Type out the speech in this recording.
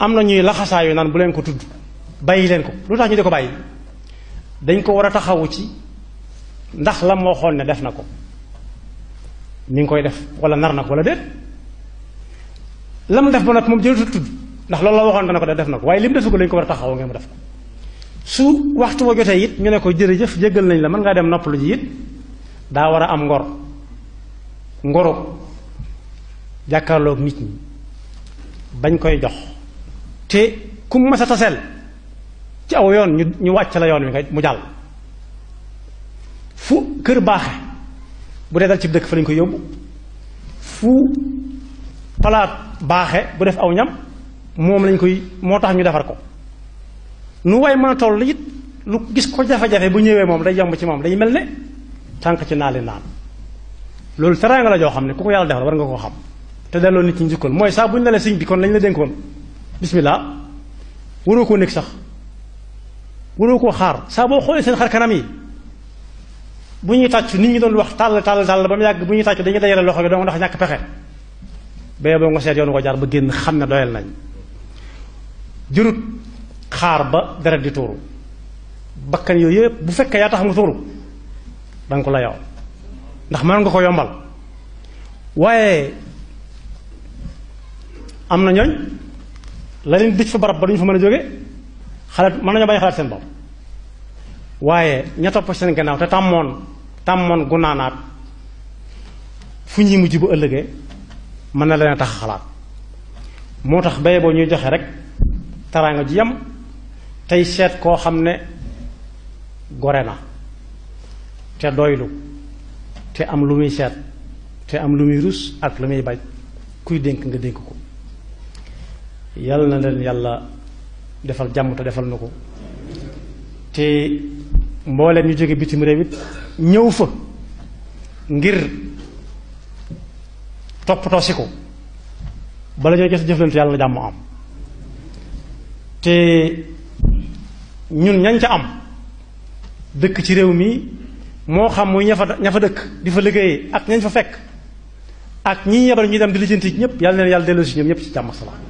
am na ñuy laxasaayu naan bu leen ko tudd bàyyi leen ko lu tax ñu di ko bàyyi dañ ko war a taxawu ci ndax la moo xool ne def na ko mu ngi koy def wala nar na ko wala déet la def ba noppi moom jëlatu tudd ndax loolu la waxoon dana ko def na ko waaye li mu defu ko lañ ko war a taxawoo ngeen mu def ko su waxtu wa jotee it ñu ne ko jërëjëf jéggal nañ la mën ngaa dem noppalu ji it daa war a am ngor ngoro jàkkaarloog nit ñi bañ koy jox te ku masa tasel ci aw yoon ñu ñu wàcc la yoon wi nga mu jàll fu kër baaxe bu dee dal ci dëkk fa lañ ko yóbbu fu palaat baaxe bu def aw ñam moom lañ koy moo tax ñu defar ko nu waay mën a toll it lu gis ko jafe-jafe bu ñëwee moom day yomb ci moom day mel ne tànk ci naa li naan loolu teraanga la joo xam ne ku ko yàlla defar war nga koo xam te delloo nit ñi njukkal mooy saa bu ñu la lee sëñ bi kon lañ la dénkoon bismillah waroo koo nekk sax waroo koo xaar saa boo xoolee seen xar kanam yi bu ñuy tàcc nit ñi doon wax tàll tàll tàll ba mu yàgg bu ñuy tàcc dañuy dajale loxo bi dong ndax ñàkk pexe bee boo nga seet yoonu ko jaar ba génn xam ne doyal nañ jërut xaar ba deret di tuuru bakkan yooyu yëpp bu fekkee yaa tax mu tuuru danga ko la yow ndax mën nga ko yombal waaye am na ñooñ la leen dëj fa barab ba duñu fa mën a jóge xalaat mën nañoo bañ xalaat seen bopp waaye ña topp seen gannaaw te tàmmoon tàmmoon gunaanaat fu ñuy mujj bu ëllëgee mën na leen a tax xalaat moo tax baye boo ñuy joxe rek taraanga ji yam tey seet koo xam ne gore na te doylu te am lu muy seet te am lu muy rus ak lu muy bañ kuy dénk nga dénk ko yàlla na leen yàlla defal jàmm te defal na ko te mbooleem ñu jóge bitim réew it ñëw fa ngir toppatoo si ko bala ñoo gis jëflante yàlla na jàmm am te ñun ñañ ca am dëkk ci réew mii moo xam muy ña fa ña fa dëkk di fa liggéeyee ak ñañ fa fekk ak ñi yebal ñu dem di lijjanti ñëpp yàlla na leen yàlla delloo si ñoom ñëpp ci jàmm ak salaam